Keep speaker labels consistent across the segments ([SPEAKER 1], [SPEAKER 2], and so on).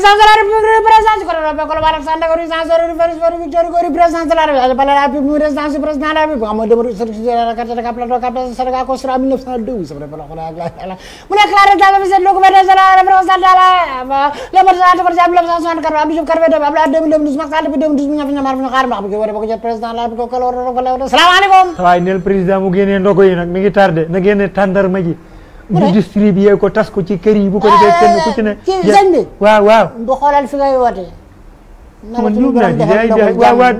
[SPEAKER 1] présidence de la République présidence colonel Colobane Sandaga résidence de la République présidence de la République palais de la République résidence du président de la République amoo demeure structuré la carte de plateau capitale de Sénégal construit en 1902 c'est vrai mu nekk la résidence officielle du gouverneur de la République de la le président de la République Abdou Diouf Karbé Deme Abdoulaye 2012 Macky Sall depuis 2012 mu ñëw fi ñamaar fi ñu xaar mbaax bu ko waree ba ko jot président de la République ko la war a ko la war a salaamaaleykum
[SPEAKER 2] waaye neel président mu génnee ndogo yi nag mi ngi tardé na génne tàndarma ji ñu distribuer ko tas ko ci kër yi bu ko defee kenn ku ci ne. Eh, eh, eh, ci sëñ bi waaw waaw.
[SPEAKER 1] bu xoolal fi ngay woote.
[SPEAKER 2] nawatuñu ñu doon defal ndogal waaw waaw waaw waaw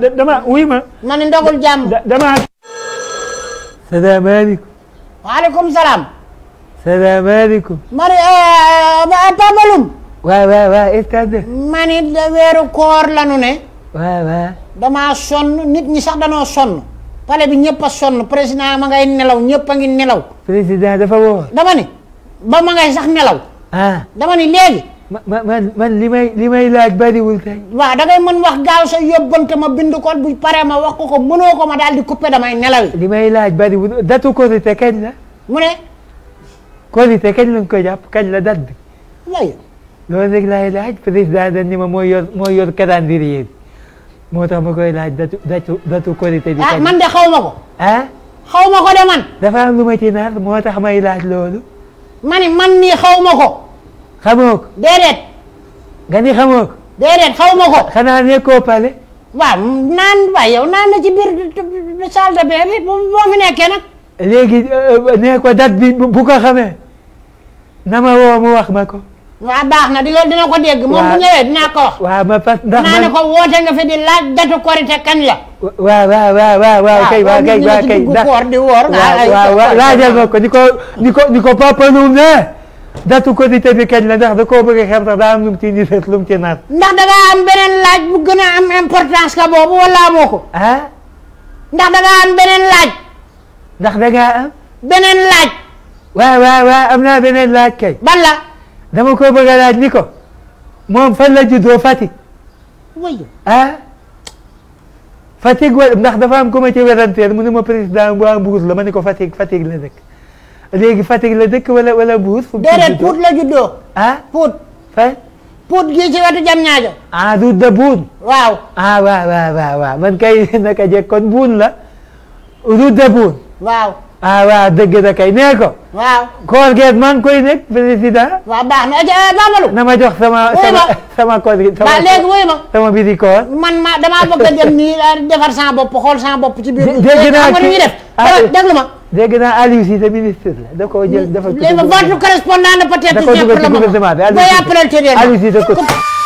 [SPEAKER 2] waaw Estade. ma
[SPEAKER 1] ne weeru koor la nu ne. waaw waaw. damaa sonn nit ñi sax danoo sonn. pale bi ñëpp a sonn président ma ngay nelaw ñëpp a ngi nelaw. président dafa woo. dama ni ba ma ngay sax nelaw. ah dama ni léegi. ma man man li may li may laaj bariwul kay. waa da man wax gaaw sa yóbbante ma bind ko bu paree ma wax ko ko mënoo ko ma daal di
[SPEAKER 2] coupé damay nelaw. li ma laaj bariwul datu korite kañ la. mu ne. korite kañ lañ ko jàpp kañ la dat bi. loolu rek laay laaj président a ni ma moo yor moo yor calendrier bi. moo tax ma koy laaj datu datu datu korité bi. ah man de xaw ma ko. ah eh? xaw ma ko de man. dafa am lu ma ci nar moo tax may laaj loolu. ma ni man nii xaw ma ko. xamoo ko. déedéet. nga ni xamoo ko.
[SPEAKER 1] déedéet xaw ma ko. xanaa nekkoo pale. waaw naan waay yow naan na ci biir
[SPEAKER 2] salle de bain bi boo fi nekkee nag. léegi euh, euh, nee ko date bi bu ko xamee na ma woo wax ma ko.
[SPEAKER 1] waaw baax na di loolu ko dégg. moom bu ñëwee dinaa ko
[SPEAKER 2] wax. parce ndax man ne ko
[SPEAKER 1] woote nga fi di laaj datu korite kañ la.
[SPEAKER 2] waaw waaw waaw waaw kay waaw kay ma ko ni ko ni ko papa Loum ne. datu korite bi kañ la ndax da koo bëgg xam sax daa am lu ndax
[SPEAKER 1] da am beneen laaj bu gën a am importance ka boobu wala amoo ko. ah. ndax da
[SPEAKER 2] am beneen laaj. ndax da am. beneen laaj. waaw waaw waaw am naa beneen laaj kay. ban dama ko bëgg a laaj moom fan la juddoo Fatick. oui ah. Fatick wa am ku ma ci weranteel mu ne ma président bu am la ma ne ko Fatick Fatick la dëkk léegi Fatick la dëkk wala wala Mbour. fu mu déedéet la juddoo. ah Pout. fan. Pout gii ci wetu Diamniadio. ah du de waaw ah waaw waaw waaw man kay naka jekk la. du waaw. ah waaw dëgg da kay nee ko. waaw koor geet maa ngi koy nekk président. waaw baax na babalu. na ma jox sama sama sama koor gi. sama léegi wuyu ma sama bi di koor.
[SPEAKER 1] man ma damaa bëgg a dem nii ah, defar sama bopp xool sama bopp. ci biir dégg naa kii
[SPEAKER 2] def déglu ministre la da koo jël. dafa ko dugg léegi votre correspondant peut-être. da